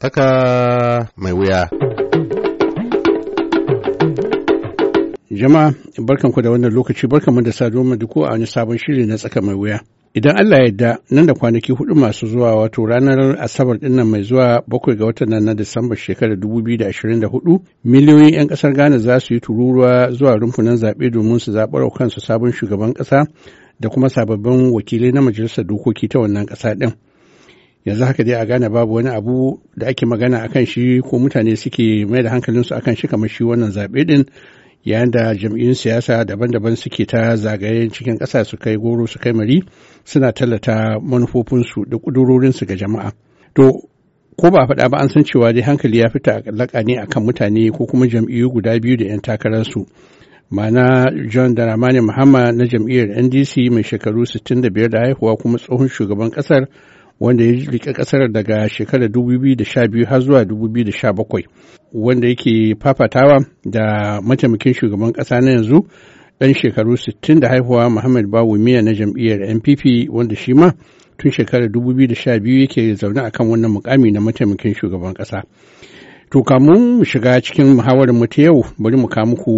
Tsaka mai wuya. Jama'a barkanku da wannan lokaci barkanmu da da maduko a wani sabon shiri na tsaka mai wuya. Idan Allah ya yarda nan da kwanaki hudu masu zuwa wato ranar Asabar dinnan mai zuwa bakwai ga watan nan na Disamba shekarar 2024 miliyoyin 'yan kasar Ghana za su yi tururuwa zuwa rumfunan zaɓe domin su zaɓar kansu sabon shugaban ƙasa da kuma sababbin wakilai na majalisar dokoki ta wannan ƙasa ɗin. yanzu haka dai a gane babu wani abu da ake magana akan shi ko mutane suke mai da hankalinsu akan shi kamar shi wannan zaɓe din yayin da jam'iyyun siyasa daban-daban suke ta zagaye cikin ƙasa su kai goro su kai mari suna tallata manufofinsu da ƙudurorinsu ga jama'a to ko ba faɗa ba an san cewa dai hankali ya fita laƙa ne akan mutane ko kuma jam'iyyu guda biyu da 'yan takararsu mana john ramani muhammad na jam'iyyar ndc mai shekaru 65 da haihuwa kuma tsohon shugaban ƙasar wanda ya rike kasar daga shekarar 2012 har zuwa 2017 wanda yake fafatawa da mataimakin shugaban kasa na yanzu dan shekaru 60 da haihuwa Muhammad miya na jam'iyyar NPP wanda shi ma tun shekarar 2012 yake zaune a kan wannan mukami na mataimakin shugaban ƙasa To kamun mu shiga cikin muhawarar mu ta yau bari mu kawo muku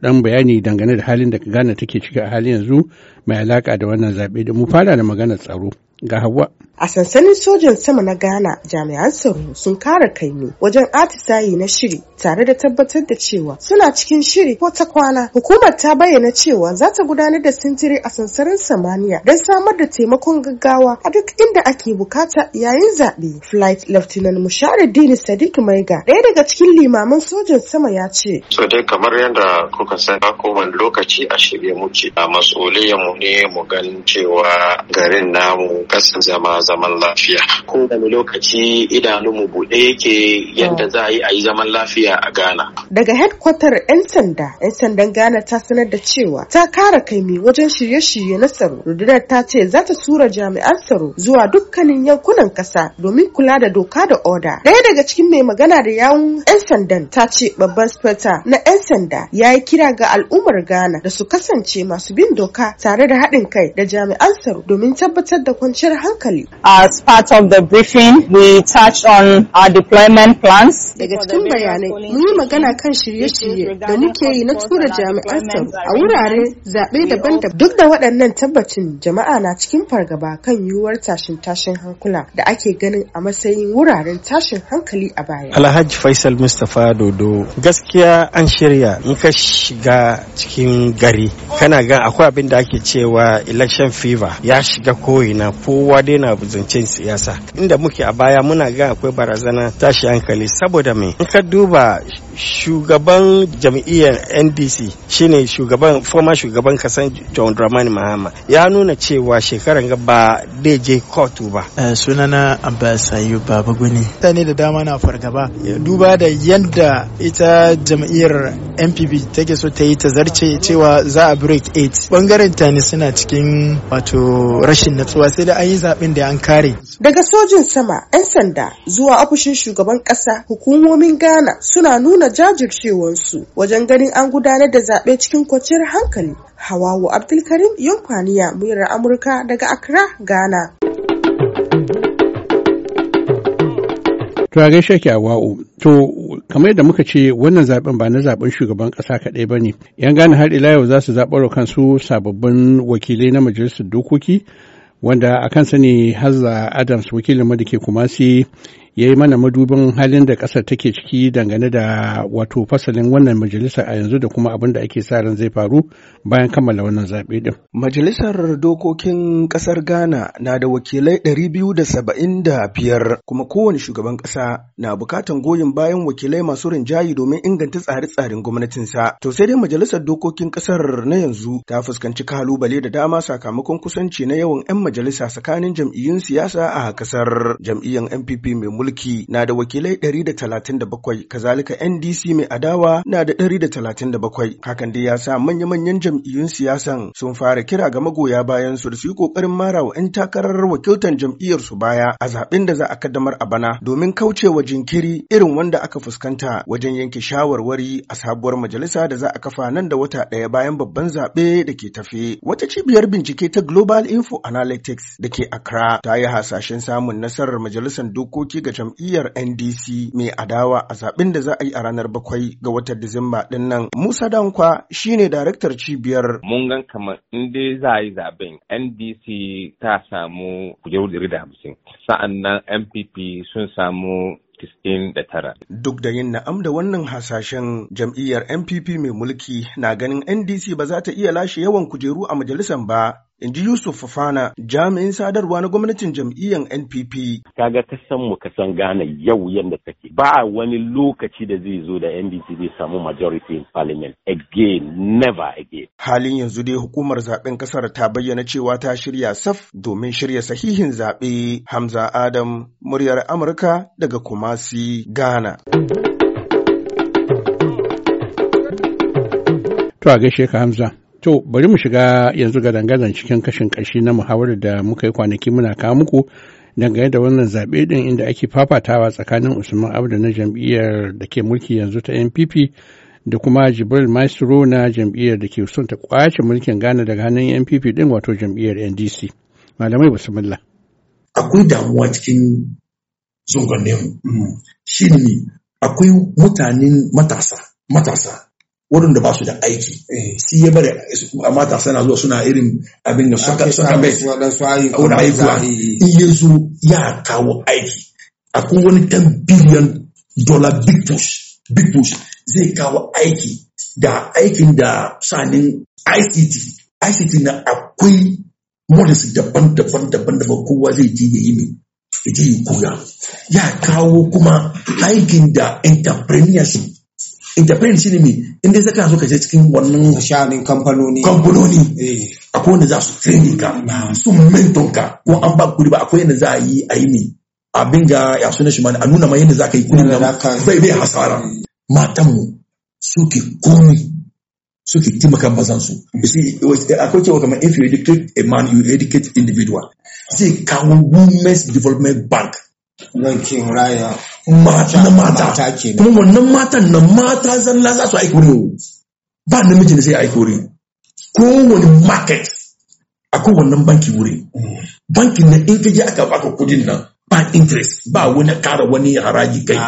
dan bayani dangane da halin da gana take ciki a halin yanzu mai alaka da wannan zaɓe da mu fara da maganar tsaro ga Hauwa. A sansanin sojan sama na Ghana jami'an tsaro sun kara kaimi wajen atisayi na shiri tare da tabbatar da cewa suna cikin shiri ko ta kwana. Hukumar ta bayyana cewa za ta gudanar da sintiri a sansanin Samaniya don samar da taimakon gaggawa a duk inda ake bukata yayin zaɓe. Flight Lieutenant Dini Sadiq Maiga ɗaya daga cikin limaman sojan sama ya ce. So kamar yadda kuka san kowane lokaci a shirye muke a mas'uliyar ne mu gan cewa garin namu kasan zama zaman lafiya ko lokaci idanunmu buɗe yake yadda oh. za a yi a yi zaman lafiya a ghana daga hedkwatar 'yan sanda 'yan sandan ghana ta sanar da cewa ta kara kaimi wajen shirye-shirye na tsaro rundunar ta ce za ta tura jami'an tsaro zuwa dukkanin yankunan ƙasa domin kula da doka da oda ɗaya daga cikin mai magana da yawun 'yan sandan ta ce babban speta na 'yan sanda ya yi kira ga al'ummar ghana da su kasance masu bin doka tare da haɗin kai da jami'an tsaro domin tabbatar da kwanciyar hankali As part of the briefing, we touched on our deployment plans. Daga cikin bayanai, mun yi magana kan shirye-shirye da muke yi na tura jami'an tsaro a wurare zaɓe daban-daban. Duk da waɗannan tabbacin jama'a na cikin fargaba kan yiwuwar tashin-tashin hankula da ake ganin a matsayin wuraren tashin hankali a baya. Alhaji Faisal Mustapha Dodo, gaskiya an shirya in ka shiga cikin gari kana ga akwai abin da ake cewa election fever ya shiga ko'ina kowa dai na zancen siyasa inda muke a baya muna ga akwai barazana tashi hankali saboda mai in ka duba shugaban jam'iyyar ndc shine shugaban foma shugaban kasan john dramani mahama ya nuna cewa shekaran ga ba dai je kotu ba eh, sunana abbas ayub baba guni mutane da dama na fargaba duba da yadda ita jam'iyyar npp take so ta yi ta zarce cewa za a break 8 bangaren tani suna cikin wato rashin natsuwa sai da an yi zaɓen da an kare. Daga sojin sama, 'yan sanda zuwa ofishin shugaban ƙasa hukumomin Ghana suna nuna jajircewarsu wajen ganin an gudanar da zaɓe cikin kwanciyar hankali. Hawawu Abdulkarim Yankwaniya, muyar Amurka daga Accra, Ghana. To a gaishe Awa'u, to kamar yadda muka ce wannan zaben ba na zaben shugaban kasa kaɗai ba ne. Yan gane har ila yau za su zaɓar kansu sababbin wakilai na majalisar dokoki wanda a kansa ne Hazza Adams wakilin da Kumasi ya yi mana madubin halin da ƙasar take ciki dangane da wato fasalin wannan majalisa a yanzu da kuma abin da ake sa ran zai faru bayan kammala wannan zaɓe din. Majalisar dokokin ƙasar Ghana na da wakilai ɗari biyu da saba'in da biyar kuma kowane shugaban ƙasa na bukatan goyon bayan wakilai masu rinjayi domin inganta tsare-tsaren gwamnatinsa. To sai dai majalisar dokokin ƙasar na yanzu ta fuskanci kalubale da dama sakamakon kusanci na yawan 'yan majalisa tsakanin jam'iyyun siyasa a ƙasar jam'iyyar NPP mai mulki na da wakilai 137 kazalika NDC mai adawa na da 137 hakan dai ya sa manya-manyan jam'iyyun siyasan sun fara kira ga magoya bayan su da su yi kokarin mara wa 'yan takarar wakiltan jam'iyyar su baya a zaɓen da za a kaddamar a bana domin kauce wa jinkiri irin wanda aka fuskanta wajen yanke shawarwari a sabuwar majalisa da za a kafa nan da wata ɗaya bayan babban zaɓe da ke tafe wata cibiyar bincike ta Global Info Analytics da ke Accra ta yi hasashen samun nasarar majalisar dokoki ga jam'iyyar NDC mai adawa a zaɓen da za a yi a ranar bakwai ga watan Disamba ɗin nan. Musa Dankwa shi ne daraktar cibiyar. Mun gan kamar in dai za a yi zaɓen NDC ta samu kujeru ɗari da hamsin, sa'an nan MPP sun samu tara. Duk da yin na'am da wannan hasashen jam'iyyar NPP mai mulki na ganin NDC ba za ta iya lashe yawan kujeru a majalisar ba in ji Yusuf Fafana jami'in sadarwa na gwamnatin jam'iyyar NPP. Kaga ka san mu kasan san Ghana yau yadda take ba wani lokaci da zai zo da NDC zai samu majority in parliament again never again. Halin yanzu dai hukumar zaben kasar ta bayyana cewa ta shirya saf domin shirya sahihin zaɓe Hamza Adam muryar Amurka daga Kumasi Ghana. To a gaishe ka Hamza. To bari mu shiga yanzu ga dangazan cikin kashin ƙashi na muhawarar da muka yi kwanaki muna kawo muku dangane da wannan zaɓe ɗin inda ake fafatawa tsakanin Usman Abdu na jam'iyyar da ke mulki yanzu ta NPP da kuma Jibril Maestro na jam'iyyar da ke son ta kwace mulkin Ghana daga hannun NPP ɗin wato jam'iyyar NDC. Malamai bismillah. Akwai damuwa cikin zunganin mu. Shi ne akwai mutanen matasa matasa wurin da ba su da aiki eh. sai ya bari a mata na zuwa suna irin abin da suka suka bai wani aikuwa in ya zo ya kawo aiki akwai wani 10 billion dollar big push big push zai kawo aiki da aikin da sanin ICT ICT na akwai models daban-daban daban-daban kowa zai ji ya yi mai ya je ya koya ya kawo kuma aikin da entrepreneurship interference shine me inda dai saka so ka je cikin wannan shanin kamfanoni kamfanoni eh. akwai wanda za su training ka su mentor ka ko an ba kuri ba akwai yadda za a yi a yi ne abin ga ya suna shi ma a nuna ma yadda za ka yi kuri na bai bai hasara eh. mu suke komi suke taimaka bazan su akwai cewa kamar if you educate a man you educate individual sai kawo women's development bank rankin raya na mata kuma wannan matan na mata zalla za su aiki wurin ba namiji ne sai aiki ko wani market akwai wannan banki wuri bankin na in ka aka baka kudin nan ba interest ba wani kara wani haraji kai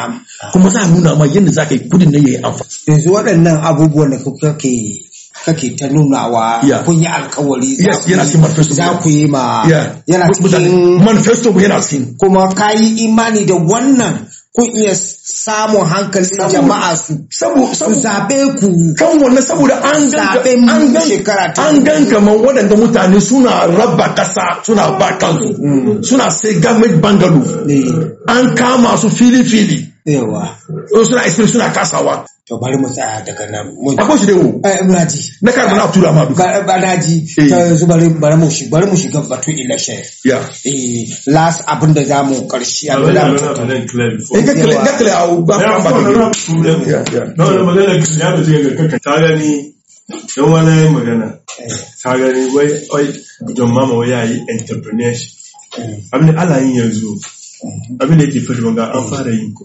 kuma za a nuna ma yadda za ka yi kudin nan yayi amfani yanzu waɗannan abubuwan da kake kake ta wa kun yi alkawari za ku yi ma yana cikin manifesto yana cikin kuma ka yi imani da wannan kun iya samun hankalin jama'a su su zaɓe ku kan wannan saboda an zaɓe mu shekara ta an gan man waɗanda mutane suna raba ƙasa suna ba kansu mm. suna sai government bangalo eh. an kama su fili fili yawa suna isri suna kasawa to bari mu tsaya daga nan mun akwai shi da mu muna ji na kar mana tura ma duka na to yanzu bari bari mu shi bari mu shiga batu election ya eh last abin da zamu karshe abin da mu ne eh ka kale ka kale au ba ba ba no no magana ya ba ga kaka ta gani dan wani magana ta gani wai wai don mama wai yayi entrepreneurship abin da Allah yin yanzu abin da yake faruwa ga an fara yin ku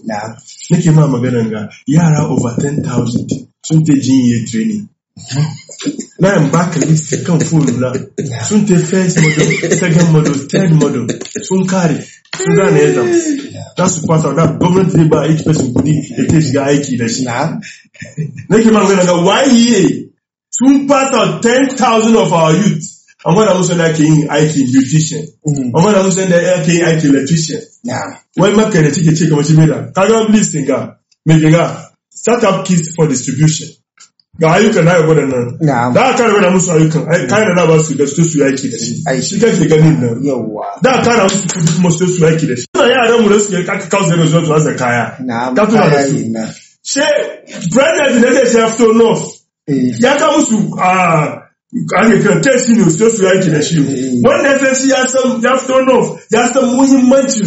nake ma maganan ga yara over 10,000 sun te jinye training na yin back list kan phone na sun te first model second model third model sun kare sun gane yadda za su kwasa da gwamnati zai ba aiki fesin kudi da ke shiga aiki da shi nake ma ga sun pass out 10,000 of our youth an gwada musu da ake yin aikin beautician an gwada musu da ake yin aiki electrician wani maka da cike ce kamar shimida kaga wani list ga mai ga startup kits for distribution ga ayyukan na yabo da nan da aka rabu da musu ayyukan kayan da ba su da su su yaki da shi shi kake ganin nan da aka rabu su kuma su su yaki da shi suna yaran mu da suke kaka kawo zai zuwa kaya ka tuna da su she ne zai ta fito north ya ka musu ake kira test news sai su yaki da shi wanda ya san shi ya san ya fito nof ya san muhimmanci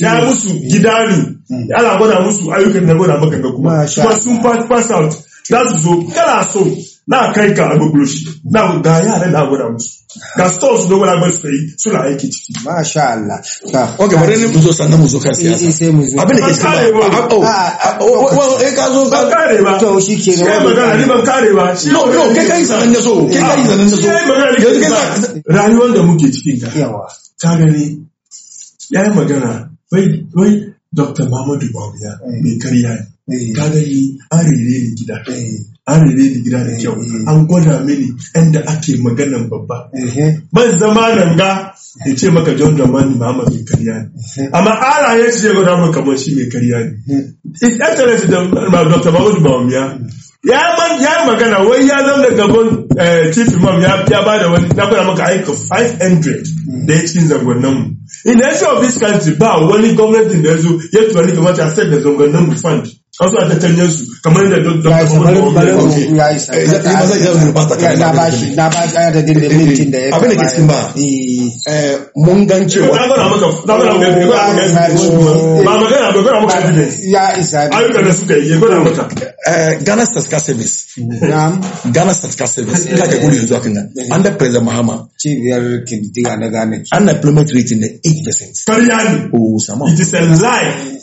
ya musu gida ne hmm. ana gwada musu ayyukan na gwada maka kuma kuma sun pass out za su zo kana so na kai ka a gugulo shi na ga yara na gwada musu ga stores da gwada bar sai suna aiki ciki masha Allah ka okay bari ne mu zo sannan mu zo kan siyasa sai mu zo abin da ke cewa wa ah, oh, ah, ah, oh, oh, eh ka zo ka kare ba to shi ke ne magana ni ban kare ba no no kai kai sanan da so kai kai sanan da so rayuwar da muke cikin ka yawa ka gani yayi magana wai wai Dr. Mamadu Bawiya eh. mai karya ne. Eh. Ka gani an rere ni gida. Eh. an rere ni gida da eh, kyau eh. an gwada mini inda ake maganan babba eh. ban zama ranga ga ya ce maka John Dramani Muhammad mai karya ne amma ala ya ce gwada mai kamar shi mai karya ne is excellent da Dr. Mahmud Bawumia ya man ya magana wai ya zama da gabon chief imam ya ya da wani na gwada maka aika 500 da ya cikin zangonnan mu in the of this country ba wani gwamnatin da ya zo ya tunani kamar ta set da zangonnan mu fund an suna ta canjen su kamar yadda dokta bari bari ya yi sa ya ba zai yau ba ta kai na ba shi na ba shi da dindin mintin da ya abin da ke cikin ba mun gan cewa na gana maka na gana maka ya gana maka ba magana ba gana maka evidence ya isa ne ayyuka da suka yi ya gana maka Ghana Statistical Service Ghana Statistical Service ina ke gudu yanzu akan nan an da President Mahama cibiyar kindiga na Ghana unemployment rate ne 8% kariya ne oh sama it is a lie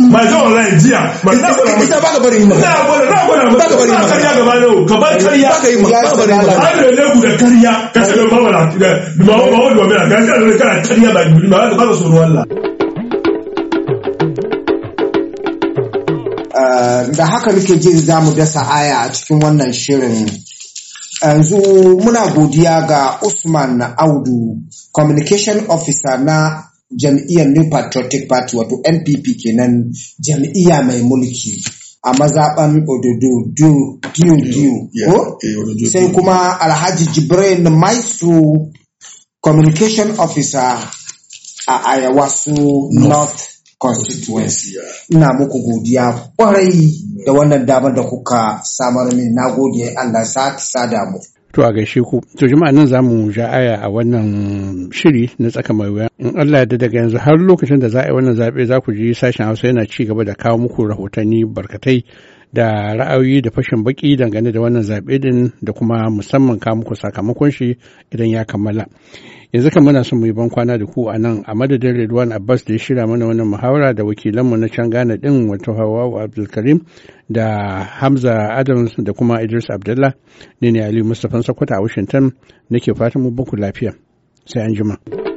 online jiya ba na ba. bari na na ba ka bari ka bari da ka ba yi ba ba ba ba ba ka ba da haka muke jin za mu dasa aya a cikin wannan shirin yanzu muna godiya ga usman audu communication officer na jam'iyyar New Patriotic Party wato NPP kenan jam'iyya mai mulki a mazaɓan Ododo diyu diyu eh, sai kuma Alhaji Jibrin Maisu Communication Officer a Ayawasu North Constituency. Ina muku godiya kwarai da wannan damar da kuka samar min na gode Allah sa ta mu. To a gaishe ku, to jama'a nan za mu ja aya a wannan shiri na tsaka mai wuya. In Allah ya daga yanzu har lokacin da za a yi wannan zaɓe za ku ji sashen Hausa yana ci gaba da kawo muku rahotanni barkatai da ra'ayoyi da fashin baki dangane da wannan zaɓe din da kuma musamman ka muku sakamakon shi idan ya kammala yanzu kan muna son mu yi bankwana da ku a nan a madadin Redwan Abbas da ya shirya mana wannan muhawara da wakilanmu na can Ghana din wato Hawawu Abdulkarim da Hamza Adams da kuma Idris Abdullah ne ne Aliyu Mustapha Sokoto a Washington nake fatan mu baku lafiya sai an jima.